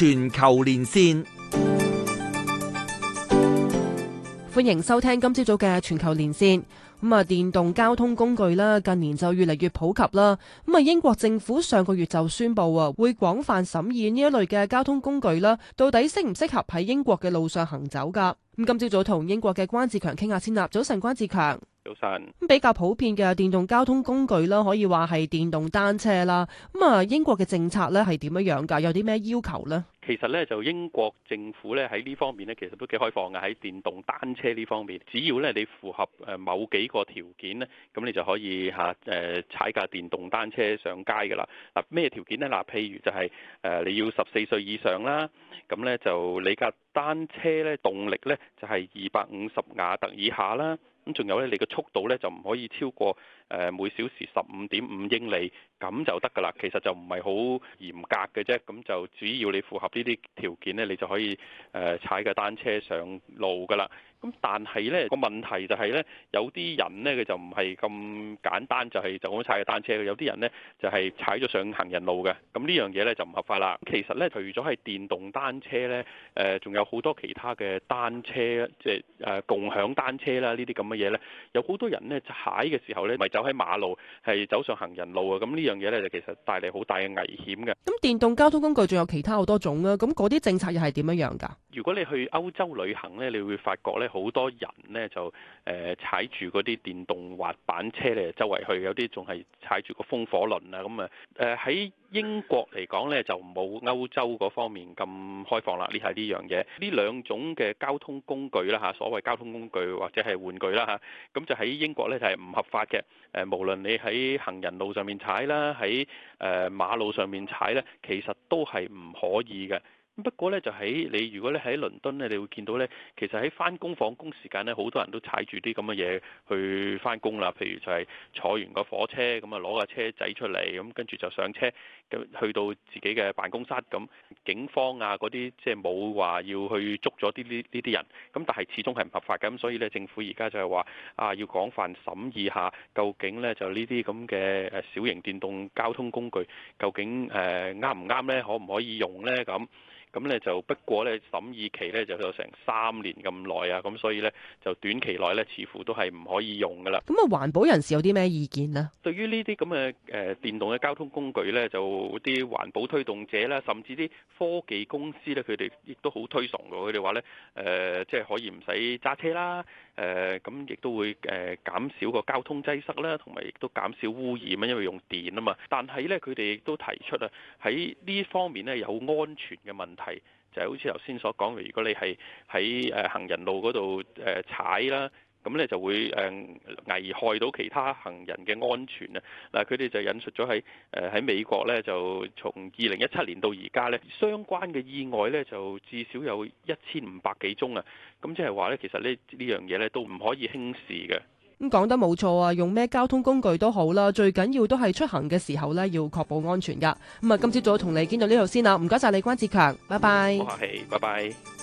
全球連線，歡迎收聽今朝早嘅全球連線。咁、嗯、啊，電動交通工具啦，近年就越嚟越普及啦。咁、嗯、啊，英國政府上個月就宣布啊，會廣泛審議呢一類嘅交通工具啦，到底適唔適合喺英國嘅路上行走噶。咁、嗯、今朝早同英國嘅關志強傾下先啦。早晨，關志強。咁比較普遍嘅電動交通工具啦，可以話係電動單車啦。咁啊，英國嘅政策咧係點樣樣㗎？有啲咩要求呢？其實咧就英國政府咧喺呢方面咧，其實都幾開放㗎，喺電動單車呢方面，只要咧你符合誒某幾個條件咧，咁你就可以嚇誒踩架電動單車上街㗎啦。嗱，咩條件咧？嗱，譬如就係誒你要十四歲以上啦，咁咧就你架單車咧動力咧就係二百五十瓦特以下啦，咁仲有咧你嘅速度咧就唔可以超過誒每小時十五點五英里，咁就得㗎啦。其實就唔係好嚴格嘅啫，咁就只要你符合呢啲條件呢，你就可以誒踩架單車上路噶啦。咁但係呢個問題就係呢，有啲人呢，佢就唔係咁簡單，就係就咁踩架單車。有啲人呢，就係踩咗上行人路嘅。咁呢樣嘢呢，就唔合法啦。咁其實呢，除咗係電動單車呢，誒、呃，仲有好多其他嘅單車，即係誒共享單車啦。呢啲咁嘅嘢呢，有好多人呢，踩嘅時候呢，咪走喺馬路，係走上行人路啊。咁呢樣嘢呢，就其實帶嚟好大嘅危險嘅。咁電動交通工具仲有其他好多種。咁嗰啲政策又係點樣樣噶？如果你去歐洲旅行咧，你會發覺咧，好多人咧就誒、呃、踩住嗰啲電動滑板車咧周圍去，有啲仲係踩住個風火輪啊咁啊！誒喺。呃英國嚟講呢，就冇歐洲嗰方面咁開放啦，呢係呢樣嘢。呢兩種嘅交通工具啦嚇，所謂交通工具或者係玩具啦嚇，咁就喺英國呢，就係唔合法嘅。誒，無論你喺行人路上面踩啦，喺誒馬路上面踩呢，其實都係唔可以嘅。不過呢，就喺你如果呢喺倫敦呢，你會見到呢，其實喺翻工放工時間呢，好多人都踩住啲咁嘅嘢去翻工啦。譬如就係坐完個火車咁啊，攞個車仔出嚟，咁跟住就上車咁去到自己嘅辦公室。咁警方啊，嗰啲即係冇話要去捉咗啲呢呢啲人。咁但係始終係唔合法嘅。咁所以呢，政府而家就係話啊，要廣泛審議下究竟呢就呢啲咁嘅小型電動交通工具究竟誒啱唔啱呢，可唔可以用呢咁。咁咧就不過咧審議期咧就有成三年咁耐啊，咁所以咧就短期內咧似乎都係唔可以用噶啦。咁啊，環保人士有啲咩意見咧？對於呢啲咁嘅誒電動嘅交通工具咧，就啲環保推動者啦，甚至啲科技公司咧，佢哋亦都好推崇㗎。佢哋話咧誒，即係可以唔使揸車啦，誒咁亦都會誒減少個交通擠塞啦，同埋亦都減少污染啊，因為用電啊嘛。但係咧，佢哋亦都提出啊，喺呢方面咧有安全嘅問題。係就係好似頭先所講嘅，如果你係喺誒行人路嗰度誒踩啦，咁咧就會誒危害到其他行人嘅安全啊！嗱，佢哋就引述咗喺誒喺美國咧，就從二零一七年到而家咧，相關嘅意外咧就至少有一千五百幾宗啊！咁即係話咧，其實呢呢樣嘢咧都唔可以輕視嘅。咁講得冇錯啊，用咩交通工具都好啦，最緊要都係出行嘅時候咧，要確保安全噶。咁啊，今朝早同你見到呢度先啦，唔該晒你關志強，拜拜。嗯、冇客氣，拜拜。